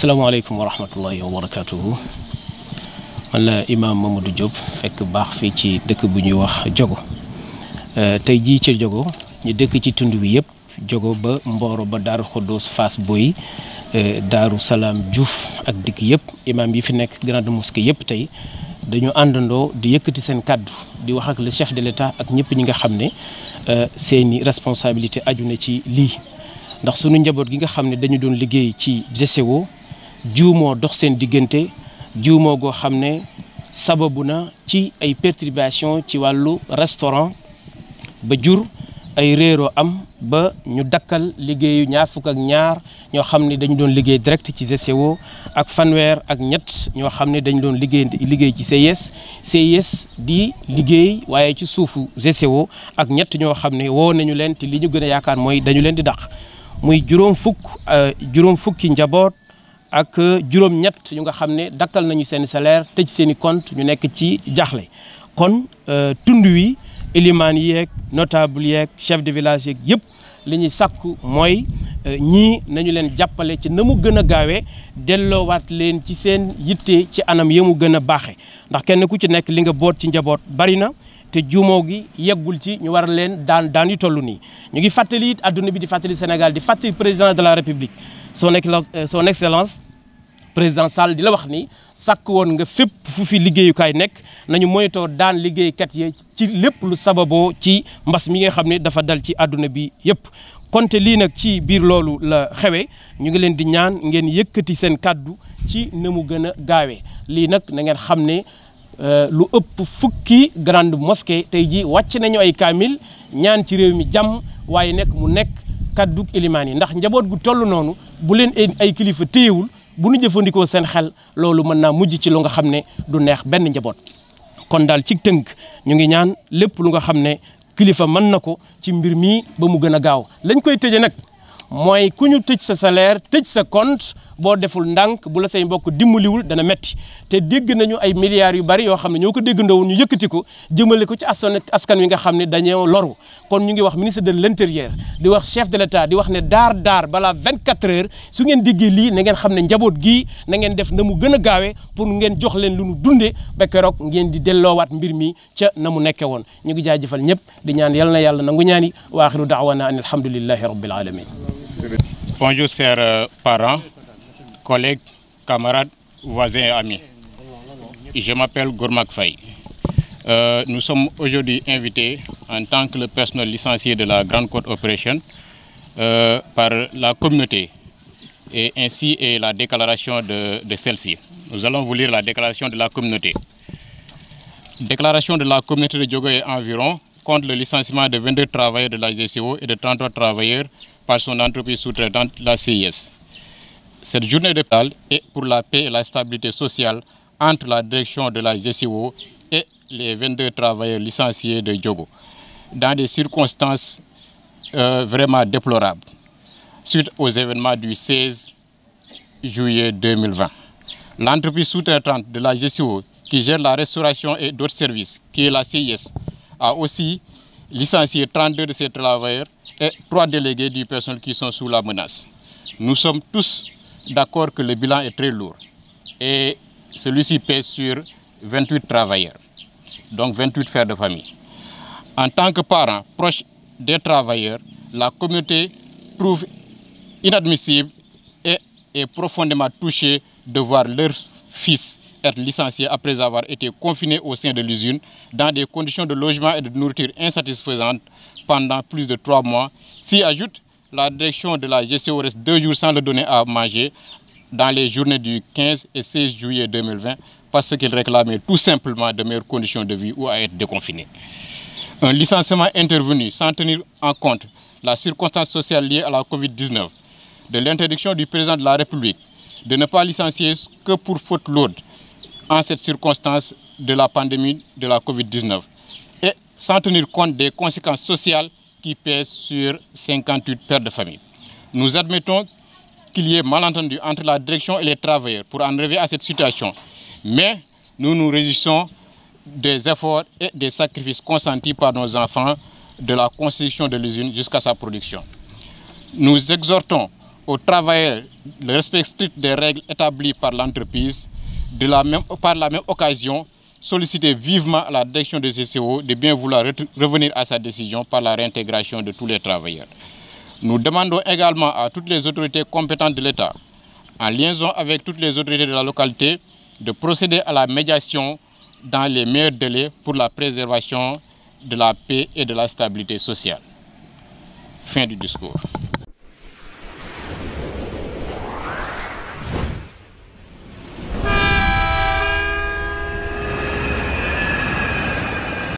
salaamaaleykum wa rahmatullahi wa barakaatuhu man la imaam Mamadou Diop fekk baax fii ci dëkk bu ñuy wax Diogo euh, tey jii ca jogo ñu dëkk ci tund wi yëpp Diogo ba mbooro ba Daaru Xoddoos Fass Boy euh, Daaru Salaam Diouf ak dikk yëpp imaam yi fi nekk grande mosquée yëpp tey dañu àndandoo di yëkkati seen kàddu di wax ak le chef de l'État ak ñëpp ñi nga xam ne euh, seeni responsabilité aju na ci lii ndax sunu njaboot gi nga xam ne dañu doon liggéey ci GCO juumoo dox seen diggante juumoo goo xam ne sababu na ci ay perturbation ci wàllu restaurant ba jur ay reero am ba ñu dakkal liggéeyu ñaar fukk ak ñaar ñoo xam ne dañu doon liggéey direct ci GCO ak fanweer ak ñett ñoo xam ne dañu doon liggéey liggéey ci CIS CIS di liggéey waaye ci suufu GCO ak ñett ñoo xam ne woo nañu leen te li ñu gën a yaakaar mooy dañu leen di dàq muy juróom euh, juróom fukki njaboot ak juróom-ñett ñu nga xam ne dakkal nañu seen salaire tëj seen i compte ñu nekk ci jaaxle kon euh, tund wi élimaan yeeg notable yeeg chef de village yeeg yëpp li ñuy sàkku mooy euh, ñii nañu leen jàppale ci na mu gën a gaawee delloowaat leen ci seen yitte ci anam ya mu gën a baaxe ndax kenn ku ci nekk li nga boot ci njaboot bari na te juumoo gi yeggul ci ñu war leen daan daan yu toll nii ñu ngi fàttali it adduna bi di fàttali Sénégal di fàttali président de la république son excellence euh, son excellence président Sall di la wax ni sàkk woon nga fépp fu fi liggéeyukaay nekk nañu moytoo daan liggéeykat yi ci lépp lu sababoo ci mbas mi nga xam ne dafa dal ci adduna bi yëpp. konte lii nag ci biir loolu la xewee ñu ngi leen di ñaan ngeen yëkkati seen kàddu ci na mu gën a gaawee lii nag na ngeen xam ne. Euh, lu ëpp fukki grande mosquée tey jii wàcc nañu ay kaamil ñaan ci réew mi jàmm waaye nekk mu nekk kaddu ilimaan yi ndax njaboot gu toll noonu bu leen ay kilifa téyewul bu nu jëfandikoo seen xel loolu mën naa mujj ci lu nga xam ne du neex benn njaboot kon daal ci tënk ñu ngi ñaan lépp lu nga xam ne kilifa mën na ko ci mbir mii ba mu gën a gaaw lañ koy tëje nag mooy ku ñu tëj sa salaire tëj sa compte boo deful ndànk bu la say mbokk dimbaliwul dana metti te dégg nañu ay milliards yu bari yoo xam ne ñoo ko déggandoowul ñu yëkkati ko jëmale ko ci askan wi nga xam ne dañoo loru kon ñu ngi wax ministre de l'intérieur di wax chef de l'état di wax ne daar daar balaa 24 heures su ngeen diggee lii na ngeen xam ne njaboot gi na ngeen def na mu gën a gaawee pour ngeen jox leen lu nu dundee ba keroog ngeen di delloowaat mbir mi ca na mu nekke woon ñu ngi jaajëfal ñëpp di ñaan yal na yàlla nangu ñaan yi waaxiru daawana an alhamdulillahi rabbil alamin Bonjour chers euh, parents, collègues, camarades, voisins et amis. Je m'appelle Gourmak Faye. Euh, nous sommes aujourd'hui invités en tant que le personnel licencié de la Grande Côte Operation euh, par la communauté et ainsi est la déclaration de, de ci Nous allons vous lire la déclaration de la communauté. Déclaration de la communauté de Diogo et environ contre le licenciement de travailleurs de la GCO et de 33 travailleurs par son entreprise sous-traitante, la CIS. Cette journée de parole est pour la paix et la stabilité sociale entre la direction de la GCO et les 22 travailleurs licenciés de jogo dans des circonstances euh, vraiment déplorables, suite aux événements du 16 juillet 2020. L'entreprise sous-traitante de la GCO, qui gère la restauration et d'autres services, qui est la CIS, a aussi licencié 32 de ces travailleurs et 3 délégués du personnel qui sont sous la menace. Nous sommes tous d'accord que le bilan est très lourd et celui-ci pèse sur 28 travailleurs, donc 28 fers de famille. En tant que parents proches des travailleurs, la communauté trouve inadmissible et est profondément de voir leurs fils être licenciés après avoir été confinés au sein de l'usine dans des conditions de logement et de nourriture insatisfaisantes pendant plus de trois mois. S'y ajoute la direction de la GCO reste deux jours sans leur donner à manger dans les journées du 15 et 16 juillet parce qu'ils réclamaient tout simplement de meilleures conditions de vie ou à être déconfinés. Un licenciement intervenu sans tenir en compte la circonstance sociale liée à la Covid-19, de l'interdiction du président de la en cette circonstance de la pandémie de la COVID-19 et sans tenir compte des conséquences sociales qui pèsent sur 58 pères de famille. Nous admettons qu'il y ait malentendu la direction et les travailleurs pour en arriver à mais nous nous réjouissons des efforts et des sacrifices consentis par nos enfants de la construction de l'usine jusqu'à sa production. Nous exhortons aux travailleurs le de la même, par la même occasion, solliciter vivement à la direction de CCO e de bien vouloir revenir à sa décision par la réintégration de tous les travailleurs. Nous demandons également à toutes les autorités compétentes de l'État, en liaison avec toutes les autorités de la localité, de procéder à la médiation dans les meilleurs délais pour la préservation de la paix et de la stabilité sociale. Fin du discours.